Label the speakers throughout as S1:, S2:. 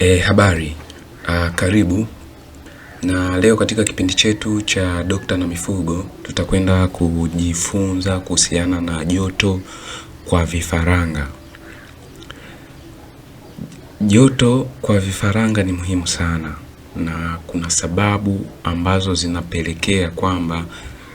S1: E, habari. A, karibu na leo katika kipindi chetu cha Dokta na Mifugo tutakwenda kujifunza kuhusiana na joto kwa vifaranga. Joto kwa vifaranga ni muhimu sana na kuna sababu ambazo zinapelekea kwamba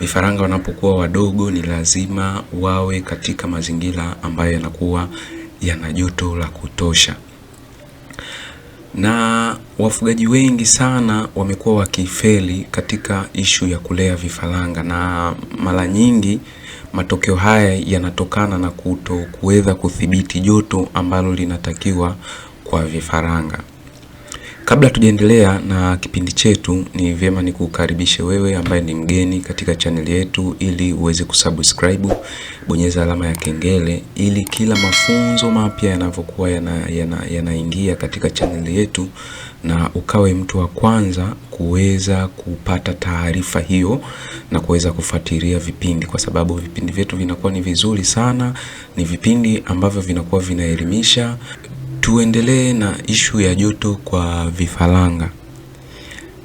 S1: vifaranga wanapokuwa wadogo ni lazima wawe katika mazingira ambayo yanakuwa yana joto la kutosha na wafugaji wengi sana wamekuwa wakifeli katika ishu ya kulea vifaranga, na mara nyingi matokeo haya yanatokana na kuto kuweza kudhibiti joto ambalo linatakiwa kwa vifaranga. Kabla tujaendelea na kipindi chetu, ni vyema ni kukaribishe wewe ambaye ni mgeni katika chaneli yetu, ili uweze kusubscribe, bonyeza alama ya kengele, ili kila mafunzo mapya yanavyokuwa yanaingia yana katika chaneli yetu, na ukawe mtu wa kwanza kuweza kupata taarifa hiyo na kuweza kufuatilia vipindi, kwa sababu vipindi vyetu vinakuwa ni vizuri sana, ni vipindi ambavyo vinakuwa vinaelimisha Tuendelee na ishu ya joto kwa vifaranga.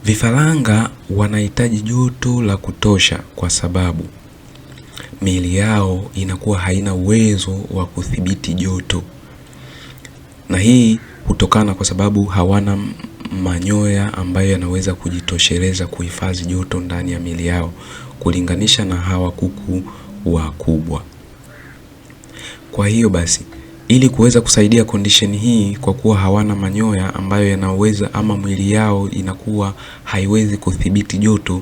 S1: Vifaranga wanahitaji joto la kutosha kwa sababu miili yao inakuwa haina uwezo wa kudhibiti joto, na hii hutokana kwa sababu hawana manyoya ambayo yanaweza kujitosheleza kuhifadhi joto ndani ya miili yao kulinganisha na hawa kuku wakubwa. Kwa hiyo basi ili kuweza kusaidia condition hii, kwa kuwa hawana manyoya ambayo yanaweza ama mwili yao inakuwa haiwezi kudhibiti joto,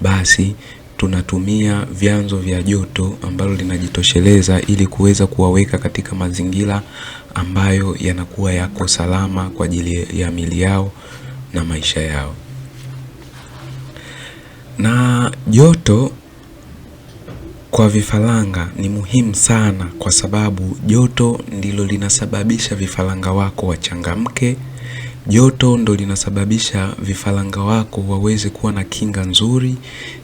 S1: basi tunatumia vyanzo vya joto ambalo linajitosheleza ili kuweza kuwaweka katika mazingira ambayo yanakuwa yako salama kwa ajili ya miili yao na maisha yao na joto kwa vifaranga ni muhimu sana kwa sababu joto ndilo linasababisha vifaranga wako wachangamke. Joto ndo linasababisha vifaranga wako waweze kuwa na kinga nzuri.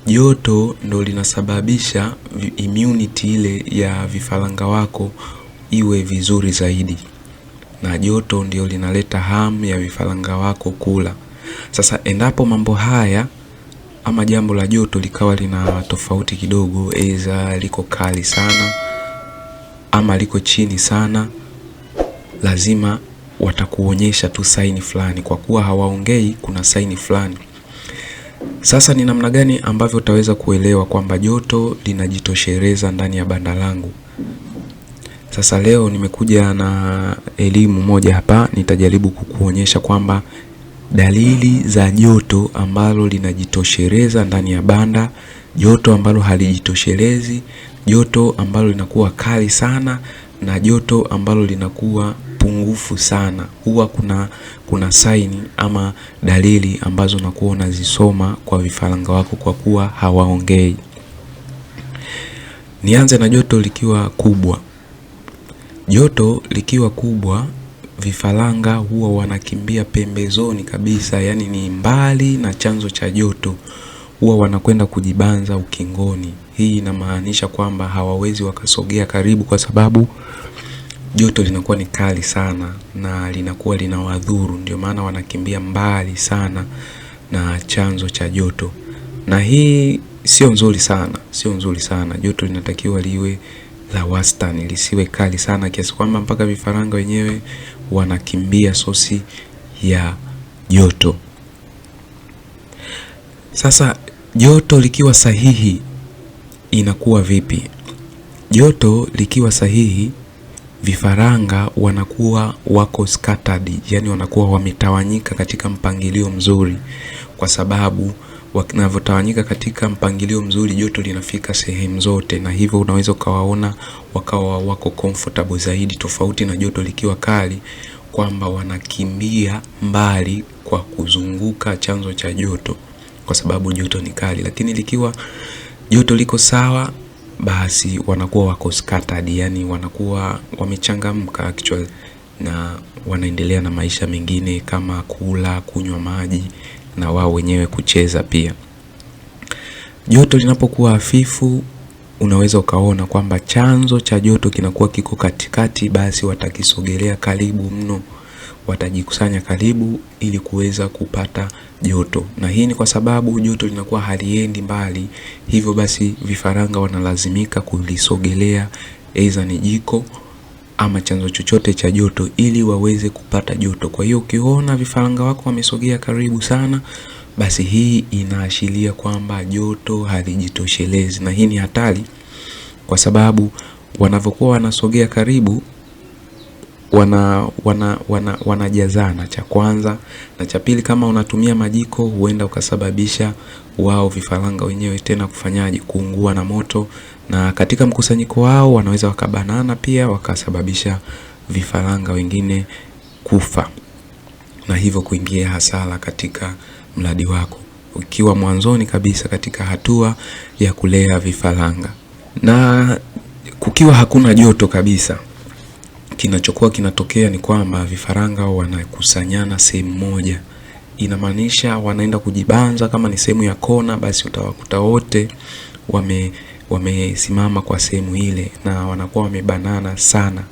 S1: Joto ndo linasababisha immunity ile ya vifaranga wako iwe vizuri zaidi, na joto ndio linaleta hamu ya vifaranga wako kula. Sasa endapo mambo haya ama jambo la joto likawa lina tofauti kidogo, eza liko kali sana ama liko chini sana, lazima watakuonyesha tu saini fulani. Kwa kuwa hawaongei, kuna saini fulani. Sasa ni namna gani ambavyo utaweza kuelewa kwamba joto linajitoshereza ndani ya banda langu? Sasa leo nimekuja na elimu moja hapa, nitajaribu kukuonyesha kwamba Dalili za joto ambalo linajitosheleza ndani ya banda, joto ambalo halijitoshelezi, joto ambalo linakuwa kali sana na joto ambalo linakuwa pungufu sana, huwa kuna kuna saini ama dalili ambazo unakuwa unazisoma kwa vifaranga wako kwa kuwa hawaongei. Nianze na joto likiwa kubwa. Joto likiwa kubwa vifaranga huwa wanakimbia pembezoni kabisa, yani ni mbali na chanzo cha joto, huwa wanakwenda kujibanza ukingoni. Hii inamaanisha kwamba hawawezi wakasogea karibu, kwa sababu joto linakuwa ni kali sana na linakuwa linawadhuru, ndio maana wanakimbia mbali sana na chanzo cha joto, na hii sio nzuri sana, sio nzuri sana. Joto linatakiwa liwe la wastani, lisiwe kali sana kiasi kwamba mpaka vifaranga wenyewe wanakimbia sosi ya joto. Sasa joto likiwa sahihi inakuwa vipi? Joto likiwa sahihi, vifaranga wanakuwa wako scattered, yani wanakuwa wametawanyika katika mpangilio mzuri, kwa sababu wanavyotawanyika katika mpangilio mzuri, joto linafika sehemu zote, na hivyo unaweza ukawaona wakawa wako comfortable zaidi, tofauti na joto likiwa kali kwamba wanakimbia mbali kwa kuzunguka chanzo cha joto kwa sababu joto ni kali, lakini likiwa joto liko sawa, basi wanakuwa wako scattered, yani wanakuwa wamechangamka actually na wanaendelea na maisha mengine kama kula, kunywa maji na wao wenyewe kucheza pia. Joto linapokuwa hafifu, unaweza ukaona kwamba chanzo cha joto kinakuwa kiko katikati, basi watakisogelea karibu mno, watajikusanya karibu ili kuweza kupata joto, na hii ni kwa sababu joto linakuwa haliendi mbali. Hivyo basi vifaranga wanalazimika kulisogelea, aidha ni jiko ama chanzo chochote cha joto ili waweze kupata joto. Kwa hiyo ukiona vifaranga wako wamesogea karibu sana, basi hii inaashiria kwamba joto halijitoshelezi, na hii ni hatari kwa sababu wanavyokuwa wanasogea karibu wana wanajazana wana, wanajazana cha kwanza na cha pili. Kama unatumia majiko, huenda ukasababisha wao vifaranga wenyewe tena kufanyaje, kuungua na moto na katika mkusanyiko wao wanaweza wakabanana pia wakasababisha vifaranga wengine kufa na hivyo kuingia hasara katika mradi wako ukiwa mwanzoni kabisa katika hatua ya kulea vifaranga. Na kukiwa hakuna joto kabisa, kinachokuwa kinatokea ni kwamba vifaranga wanakusanyana sehemu moja, inamaanisha wanaenda kujibanza. Kama ni sehemu ya kona, basi utawakuta wote wame wamesimama kwa sehemu ile na wanakuwa wamebanana sana,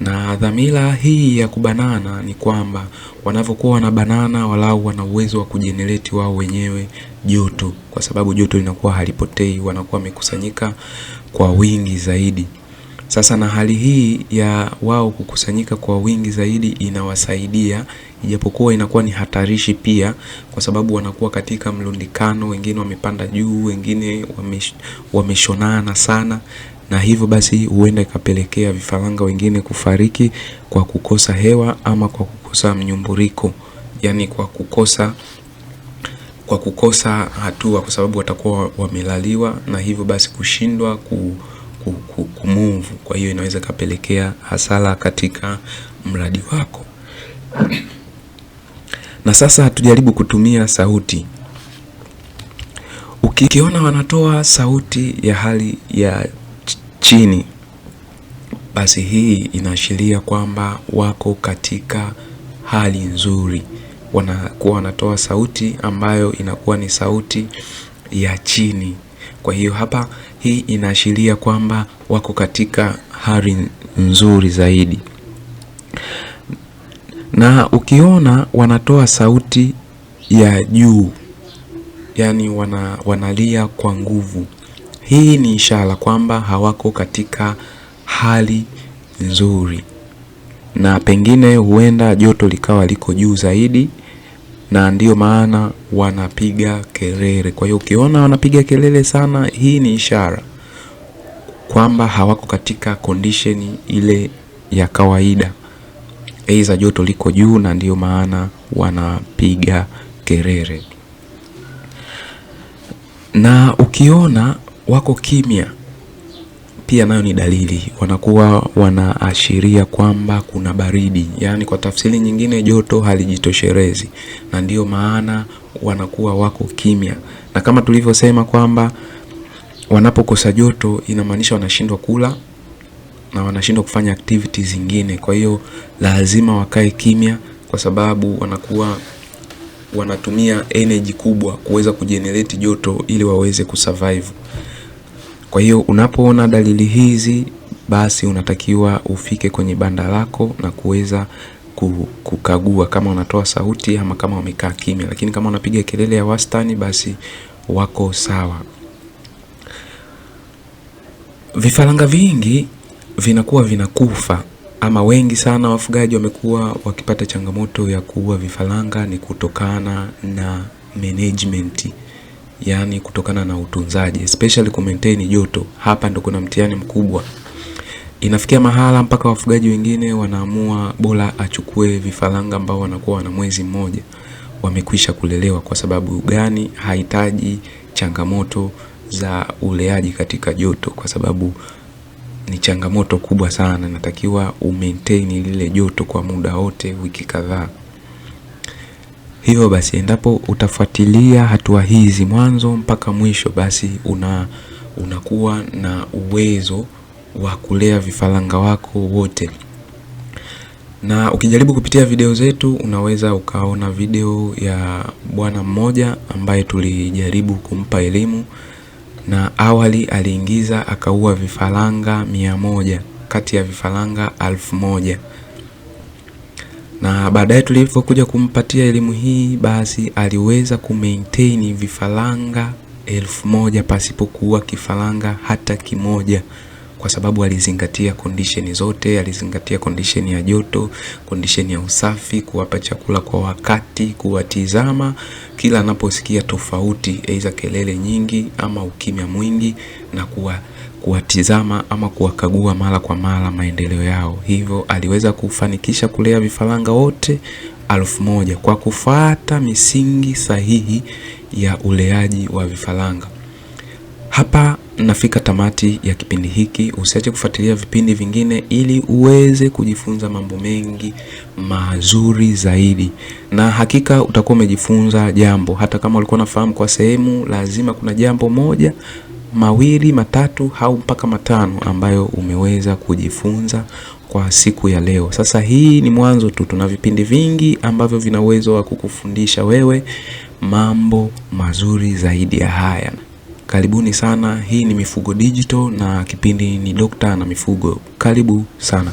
S1: na dhamira hii ya kubanana ni kwamba wanavyokuwa wanabanana, walau wana uwezo wa kujenereti wao wenyewe joto, kwa sababu joto linakuwa halipotei, wanakuwa wamekusanyika kwa wingi zaidi. Sasa na hali hii ya wao kukusanyika kwa wingi zaidi inawasaidia ijapokuwa inakuwa ni hatarishi pia, kwa sababu wanakuwa katika mlundikano, wengine wamepanda juu, wengine wameshonana sana, na hivyo basi huenda ikapelekea vifaranga wengine kufariki kwa kukosa hewa ama kwa kukosa mnyumburiko, yani kwa kukosa kwa kukosa hatua, kwa sababu watakuwa wamelaliwa na hivyo basi kushindwa ku kumuvu. Kwa hiyo inaweza ikapelekea hasara katika mradi wako na sasa tujaribu kutumia sauti. Ukiona wanatoa sauti ya hali ya chini, basi hii inaashiria kwamba wako katika hali nzuri. Wanakuwa wanatoa sauti ambayo inakuwa ni sauti ya chini. Kwa hiyo hapa, hii inaashiria kwamba wako katika hali nzuri zaidi na ukiona wanatoa sauti ya juu, yani wana, wanalia kwa nguvu. Hii ni ishara kwamba hawako katika hali nzuri, na pengine huenda joto likawa liko juu zaidi, na ndiyo maana wanapiga kelele. Kwa hiyo ukiona wanapiga kelele sana, hii ni ishara kwamba hawako katika kondisheni ile ya kawaida aidha joto liko juu, na ndio maana wanapiga kelele. Na ukiona wako kimya, pia nayo ni dalili, wanakuwa wanaashiria kwamba kuna baridi, yaani kwa tafsiri nyingine joto halijitoshelezi, na ndiyo maana wanakuwa wako kimya. Na kama tulivyosema kwamba wanapokosa joto inamaanisha wanashindwa kula na wanashindwa kufanya activities zingine. Kwa hiyo lazima wakae kimya, kwa sababu wanakuwa wanatumia energy kubwa kuweza kujenerate joto ili waweze kusurvive. Kwa hiyo unapoona dalili hizi, basi unatakiwa ufike kwenye banda lako na kuweza kukagua kama wanatoa sauti ama kama wamekaa kimya, lakini kama wanapiga kelele ya wastani, basi wako sawa. Vifaranga vingi vinakuwa vinakufa ama wengi sana wafugaji wamekuwa wakipata changamoto ya kuua vifaranga ni kutokana na management, yani kutokana na utunzaji, especially ku joto. Hapa ndo kuna mtihani mkubwa. Inafikia mahala mpaka wafugaji wengine wanaamua bora achukue vifaranga ambao wanakuwa wana mwezi mmoja wamekwisha kulelewa. Kwa sababu gani? Hahitaji changamoto za uleaji katika joto, kwa sababu ni changamoto kubwa sana, natakiwa umaintain lile joto kwa muda wote, wiki kadhaa. Hivyo basi, endapo utafuatilia hatua hizi mwanzo mpaka mwisho, basi una unakuwa na uwezo wa kulea vifaranga wako wote. Na ukijaribu kupitia video zetu, unaweza ukaona video ya bwana mmoja ambaye tulijaribu kumpa elimu na awali aliingiza akaua vifaranga mia moja kati ya vifaranga alfu moja na baadaye tulivyokuja kumpatia elimu hii, basi aliweza kumaintain vifaranga elfu moja pasipokuwa kifaranga hata kimoja kwa sababu alizingatia kondisheni zote, alizingatia kondisheni ya joto, kondisheni ya usafi, kuwapa chakula kwa wakati, kuwatizama kila anaposikia tofauti, aidha kelele nyingi ama ukimya mwingi, na kuwa kuwatizama ama kuwakagua mara kwa mara maendeleo yao. Hivyo aliweza kufanikisha kulea vifaranga wote elfu moja kwa kufuata misingi sahihi ya uleaji wa vifaranga. Hapa Nafika tamati ya kipindi hiki. Usiache kufuatilia vipindi vingine ili uweze kujifunza mambo mengi mazuri zaidi, na hakika utakuwa umejifunza jambo, hata kama ulikuwa unafahamu kwa sehemu, lazima kuna jambo moja mawili matatu au mpaka matano ambayo umeweza kujifunza kwa siku ya leo. Sasa hii ni mwanzo tu, tuna vipindi vingi ambavyo vina uwezo wa kukufundisha wewe mambo mazuri zaidi ya haya. Karibuni sana, hii ni Mifugo Digital na kipindi ni Dokta na Mifugo. Karibu sana.